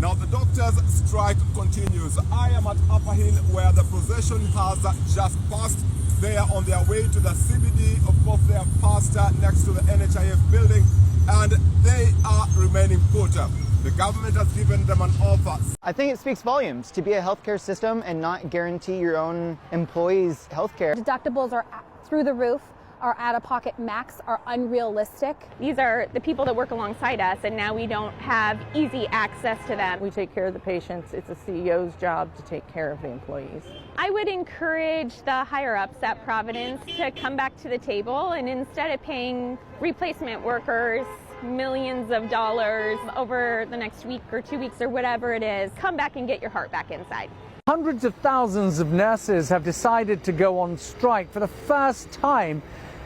Now the doctor's strike continues. I am at Upper Hill where the procession has just passed. They are on their way to the CBD of their Pastor uh, next to the NHIF building and they are remaining put. The government has given them an offer. I think it speaks volumes to be a healthcare system and not guarantee your own employees healthcare. Deductibles are through the roof our out of pocket max are unrealistic. These are the people that work alongside us, and now we don't have easy access to them. We take care of the patients. It's a CEO's job to take care of the employees. I would encourage the higher ups at Providence to come back to the table and instead of paying replacement workers, millions of dollars over the next week or two weeks or whatever it is, come back and get your heart back inside. Hundreds of thousands of nurses have decided to go on strike for the first time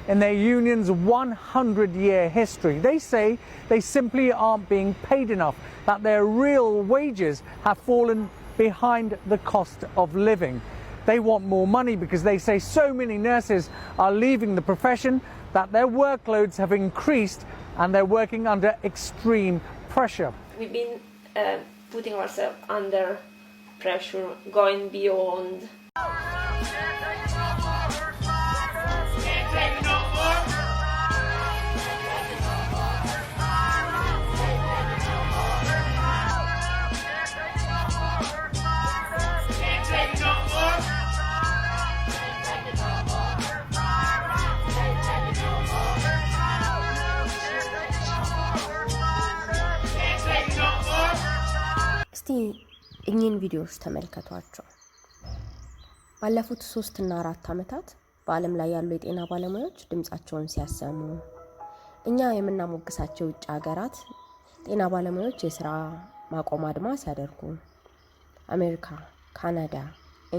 in their union's 100 year history. They say they simply aren't being paid enough, that their real wages have fallen behind the cost of living. They want more money because they say so many nurses are leaving the profession that their workloads have increased and they're working under extreme pressure. We've been uh, putting ourselves under pressure, going beyond. እስቲ እኚህን ቪዲዮዎች ተመልከቷቸው። ባለፉት ሶስት እና አራት ዓመታት በዓለም ላይ ያሉ የጤና ባለሙያዎች ድምፃቸውን ሲያሰሙ እኛ የምናሞግሳቸው ውጭ ሀገራት ጤና ባለሙያዎች የስራ ማቆም አድማ ሲያደርጉ አሜሪካ፣ ካናዳ፣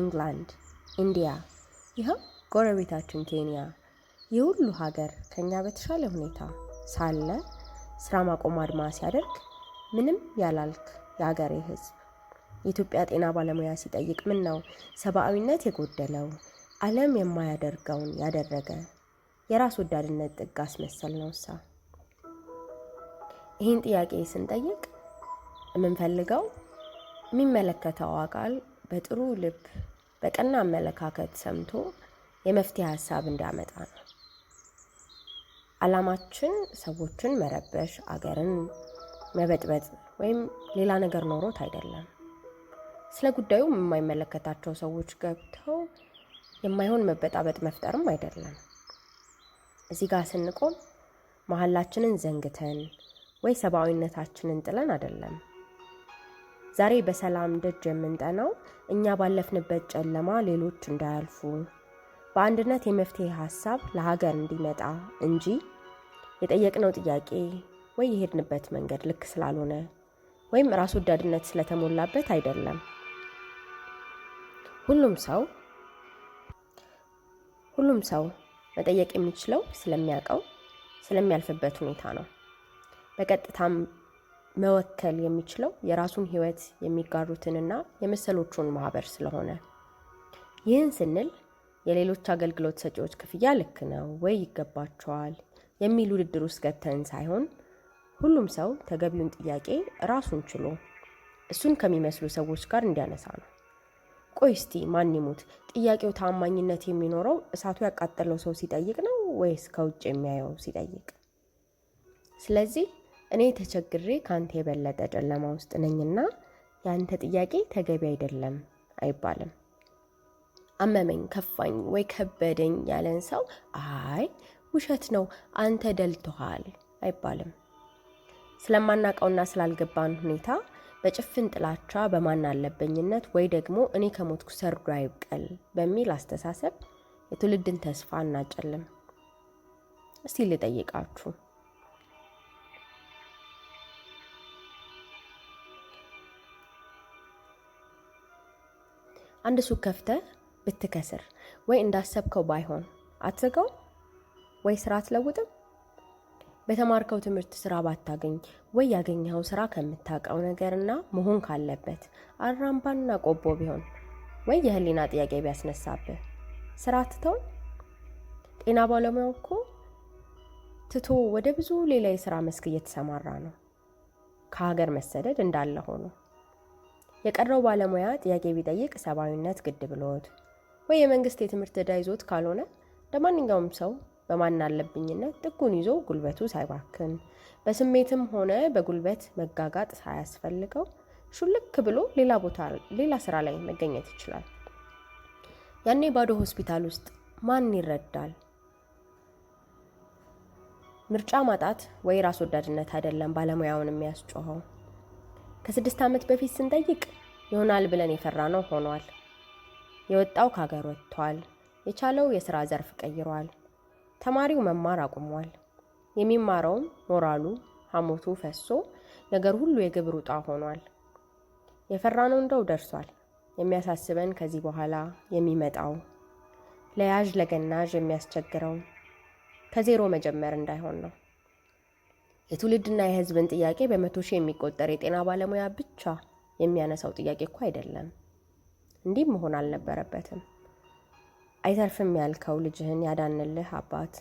ኢንግላንድ፣ ኢንዲያ ይኸው ጎረቤታችን ኬንያ የሁሉ ሀገር ከኛ በተሻለ ሁኔታ ሳለ ስራ ማቆም አድማ ሲያደርግ ምንም ያላልክ የሀገሬ ህዝብ የኢትዮጵያ ጤና ባለሙያ ሲጠይቅ ምን ነው ሰብአዊነት የጎደለው ዓለም የማያደርገውን ያደረገ የራስ ወዳድነት ጥግ አስመሰል ነውሳ? ይህን ጥያቄ ስንጠይቅ የምንፈልገው የሚመለከተው አካል በጥሩ ልብ በቀና አመለካከት ሰምቶ የመፍትሄ ሀሳብ እንዳመጣ ነው። አላማችን ሰዎችን መረበሽ፣ አገርን መበጥበጥ ወይም ሌላ ነገር ኖሮት አይደለም። ስለ ጉዳዩ የማይመለከታቸው ሰዎች ገብተው የማይሆን መበጣበጥ መፍጠርም አይደለም። እዚህ ጋር ስንቆም መሀላችንን ዘንግተን ወይ ሰብአዊነታችንን ጥለን አይደለም። ዛሬ በሰላም ደጅ የምንጠናው እኛ ባለፍንበት ጨለማ ሌሎች እንዳያልፉ በአንድነት የመፍትሄ ሀሳብ ለሀገር እንዲመጣ እንጂ የጠየቅነው ጥያቄ ወይ የሄድንበት መንገድ ልክ ስላልሆነ ወይም ራስ ወዳድነት ስለተሞላበት አይደለም። ሁሉም ሰው ሁሉም ሰው መጠየቅ የሚችለው ስለሚያውቀው ስለሚያልፍበት ሁኔታ ነው። በቀጥታም መወከል የሚችለው የራሱን ህይወት የሚጋሩትንና የመሰሎቹን ማህበር ስለሆነ ይህን ስንል የሌሎች አገልግሎት ሰጪዎች ክፍያ ልክ ነው ወይ ይገባቸዋል የሚል ውድድር ውስጥ ገብተን ሳይሆን ሁሉም ሰው ተገቢውን ጥያቄ ራሱን ችሎ እሱን ከሚመስሉ ሰዎች ጋር እንዲያነሳ ነው። ቆይ እስቲ ማን ይሙት፣ ጥያቄው ታማኝነት የሚኖረው እሳቱ ያቃጠለው ሰው ሲጠይቅ ነው ወይስ ከውጭ የሚያየው ሲጠይቅ? ስለዚህ እኔ ተቸግሬ ከአንተ የበለጠ ጨለማ ውስጥ ነኝና የአንተ ጥያቄ ተገቢ አይደለም አይባልም። አመመኝ፣ ከፋኝ ወይ ከበደኝ ያለን ሰው አይ ውሸት ነው አንተ ደልቶሃል አይባልም። ስለማናቀውና ስላልገባን ሁኔታ በጭፍን ጥላቻ አለበኝነት ወይ ደግሞ እኔ ከሞትኩ ሰርዶ አይብቀል በሚል አስተሳሰብ የትውልድን ተስፋ እናጨልም። እስቲ ልጠይቃችሁ፣ አንድ ሱቅ ከፍተህ ብትከስር ወይ እንዳሰብከው ባይሆን አትዘጋው ወይ ስራ አትለውጥም? በተማርከው ትምህርት ስራ ባታገኝ ወይ ያገኘኸው ስራ ከምታውቀው ነገርና መሆን ካለበት አራምባና ቆቦ ቢሆን ወይ የህሊና ጥያቄ ቢያስነሳብህ ስራ ትተው። ጤና ባለሙያው እኮ ትቶ ወደ ብዙ ሌላ የስራ መስክ እየተሰማራ ነው። ከሀገር መሰደድ እንዳለ ሆኖ የቀረው ባለሙያ ጥያቄ ቢጠይቅ ሰብአዊነት ግድ ብሎት ወይ የመንግስት የትምህርት ዕዳ ይዞት ካልሆነ እንደ ማንኛውም ሰው በማን አለብኝነት ጥጉን ይዞ ጉልበቱ ሳይባክን በስሜትም ሆነ በጉልበት መጋጋጥ ሳያስፈልገው ሹልክ ብሎ ሌላ ቦታ ሌላ ስራ ላይ መገኘት ይችላል። ያኔ ባዶ ሆስፒታል ውስጥ ማን ይረዳል? ምርጫ ማጣት ወይ ራስ ወዳድነት አይደለም ባለሙያውን የሚያስጮኸው። ከስድስት ዓመት በፊት ስንጠይቅ ይሆናል ብለን የፈራ ነው ሆኗል። የወጣው ከሀገር ወጥቷል። የቻለው የስራ ዘርፍ ቀይሯል። ተማሪው መማር አቁሟል። የሚማረውም ሞራሉ ሐሞቱ ፈሶ ነገር ሁሉ የግብር ውጣ ሆኗል። የፈራነው እንደው ደርሷል። የሚያሳስበን ከዚህ በኋላ የሚመጣው ለያዥ ለገናዥ የሚያስቸግረው ከዜሮ መጀመር እንዳይሆን ነው። የትውልድና የሕዝብን ጥያቄ በመቶ ሺህ የሚቆጠር የጤና ባለሙያ ብቻ የሚያነሳው ጥያቄ እኮ አይደለም። እንዲህም መሆን አልነበረበትም። አይተርፍም ያልከው ልጅህን ያዳንልህ አባት፣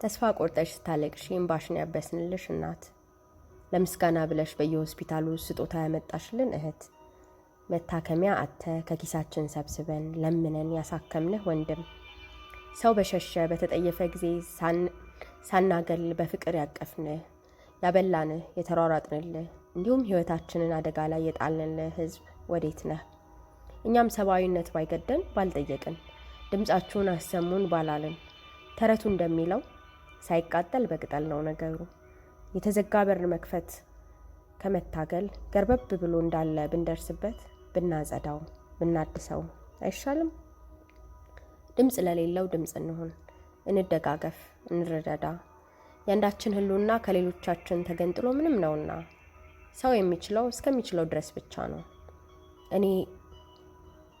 ተስፋ ቆርጠሽ ስታለቅሽ እምባሽን ያበስንልሽ እናት፣ ለምስጋና ብለሽ በየሆስፒታሉ ስጦታ ያመጣሽልን እህት፣ መታከሚያ አተ ከኪሳችን ሰብስበን ለምነን ያሳከምንህ ወንድም፣ ሰው በሸሸ በተጠየፈ ጊዜ ሳናገል በፍቅር ያቀፍንህ ያበላንህ የተሯሯጥንልህ እንዲሁም ህይወታችንን አደጋ ላይ የጣልንልህ ህዝብ ወዴት ነህ? እኛም ሰብአዊነት ባይገደን ባልጠየቅን ድምፃችሁን አሰሙን ባላልን ተረቱ እንደሚለው ሳይቃጠል በቅጠል ነው ነገሩ። የተዘጋ በር መክፈት ከመታገል ገርበብ ብሎ እንዳለ ብንደርስበት ብናጸዳው ብናድሰው አይሻልም? ድምፅ ለሌለው ድምፅ እንሆን፣ እንደጋገፍ፣ እንረዳዳ። የአንዳችን ህልውና ከሌሎቻችን ተገንጥሎ ምንም ነውና ሰው የሚችለው እስከሚችለው ድረስ ብቻ ነው። እኔ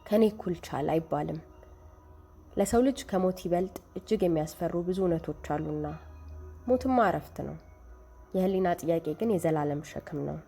ከእኔ እኩል ቻል አይባልም። ለሰው ልጅ ከሞት ይበልጥ እጅግ የሚያስፈሩ ብዙ እውነቶች አሉና ሞትማ እረፍት ነው። የህሊና ጥያቄ ግን የዘላለም ሸክም ነው።